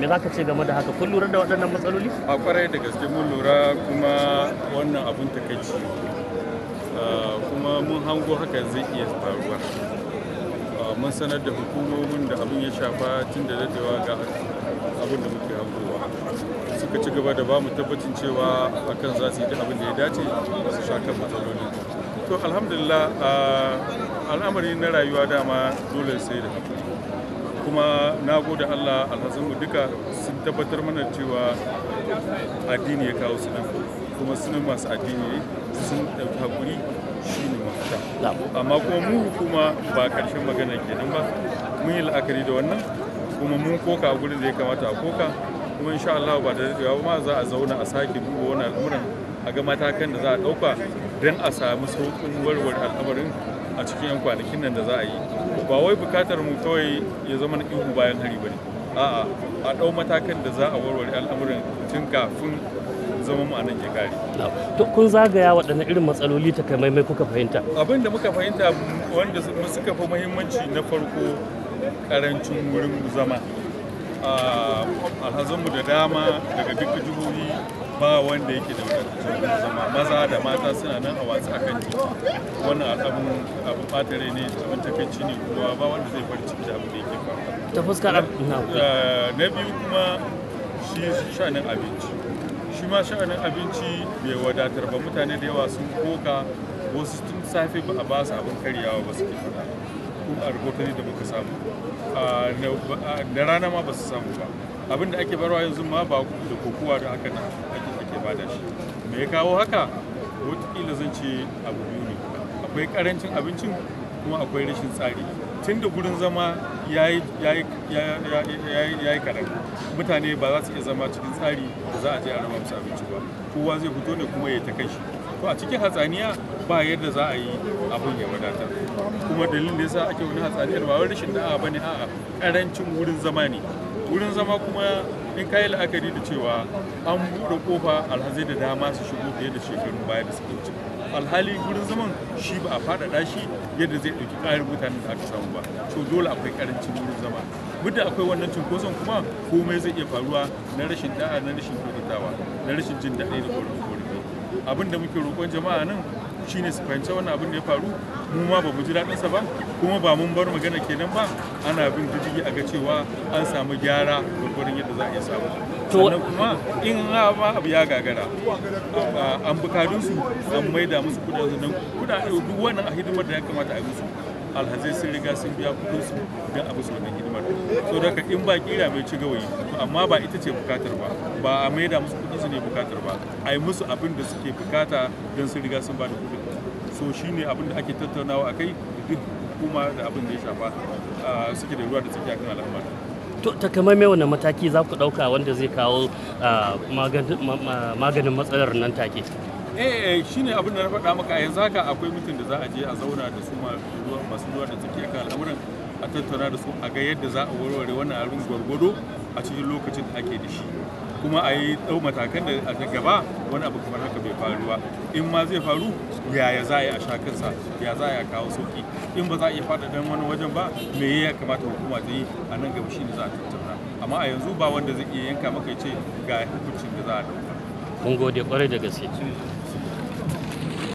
me za ka ce game da haka kun lura da waɗannan matsaloli a kwarai da gaske mun lura kuma wannan abun ta takaici ah, kuma mun hango haka zai iya faruwa ah, mun sanar da hukumomin da abin ya shafa tun da dadewa ga abin da muke hangowa suka ci gaba da ba mu tabbacin cewa hakan za su yi abin da ya dace su sha kan matsaloli to alhamdulillah ah, al'amari na rayuwa dama dole sai da kuma na gode allah alhazanmu duka sun tabbatar mana cewa addini ya kawo su nan kuma sunan masu addini sun ɗauki haƙuri shi ne mafita amma kuma mu hukuma ba ƙarshen magana kenan ba mun yi la'akari da wannan kuma mun koka a gurin da ya kamata a koka kuma insha Allah ba da daɗewa ma za a zauna a sake duba wani al'amuran a ga matakan da za a ɗauka don a samu sauƙin warware al'amarin a cikin 'yan kwanakin nan da za a yi ba wai bukatar mu kawai ya zama na ihu bayan hari ba ne a'a a ɗau matakan da za a warware al'amuran tun kafin zama mu anan ke kare to kun zagaya waɗanne irin matsaloli ta kai mai kuka fahimta abin da muka fahimta wanda suka fi muhimmanci na farko karancin wurin zama alhazanmu da dama daga duk jihohi ba wanda yake da wadataccen zama maza da mata suna nan a watsi a kan titi wannan al'abin abu ɓatare ne abin takaici ne kuma ba wanda zai bar ciki da abin da yake faruwa ta fuskar eh, na biyu kuma shi sha'anin abinci shi ma sha'anin abinci bai wadatar ba mutane da yawa sun koka wasu tun safe ba a ba su abin karyawa ba suke fada a rahotanni da muka samu da rana ma ba su samu ba abin da ake barwa yanzu ma ba da kokowa da haka na ake ake bada shi me ya kawo haka wataƙila zan ce abu biyu ne akwai karancin abincin kuma akwai rashin tsari tun da gurin zama ya yi kaɗan mutane ba za su iya zama cikin tsari da za a je a raba musu abinci ba kowa zai fito ne kuma ya ta kai shi to a cikin hatsaniya ba yadda za a yi abun ya wadatar kuma dalilin da yasa ake wani hatsaniyar ba wani rashin da'a bane a'a karancin wurin zama ne wurin zama kuma in kayi la'akari da cewa an buɗe kofa alhazai da dama su shigo fiye da shekarun baya da suke wuce alhali wurin zaman shi ba a faɗaɗa shi yadda zai ɗauki ƙarin mutanen da aka samu ba so dole akwai ƙarancin wurin zama muddin akwai wannan cunkoson kuma komai zai iya faruwa na rashin da'a na rashin kyautatawa na rashin jin daɗi da abin da muke roƙon jama'a nan shi ne su fahimci wannan abin da ya faru mu ma ba mu ji daɗin sa ba kuma ba mun bar magana kenan ba ana bin diddigi a ga cewa an samu gyara da gurin yadda za a iya samu sannan kuma in ma abu ya gagara an bukadun su an maida musu kudaden duk wannan a hidimar da ya kamata a yi musu alhazai sun riga sun biya kudin su don abu su wannan hidimar so daga in ba kira mai ci gawayi to amma ba ita ce bukatar ba ba a maida musu kudin su ne bukatar ba a yi musu abin da suke bukata don sun riga sun ba da kudin so ne abin da ake tattaunawa a kai duk hukuma da abin da ya shafa suke da ruwa da tsaki akan al'amari to takamaimai wannan mataki za ku ɗauka wanda zai kawo maganin matsalar nan take Eh, eh shine abin da na faɗa maka yanzu haka akwai mutum da za a je a zauna da su masu ruwa da tsakiya kan al'amuran a tattauna da su a ga yadda za a warware wannan abin gwargwado a cikin lokacin da ake da shi kuma a yi ɗau matakan da a gaba wani abu kamar haka bai faru ba in ma zai faru yaya za a yi a sha kansa ya za a yi a kawo sauki in ba za a iya faɗaɗan wani wajen ba me ya kamata hukuma ta yi a nan gaba shine za a tattauna amma a yanzu ba wanda zai iya yanka maka ya ce ga hukuncin da za a ɗauka. mun gode kwarai da gaske.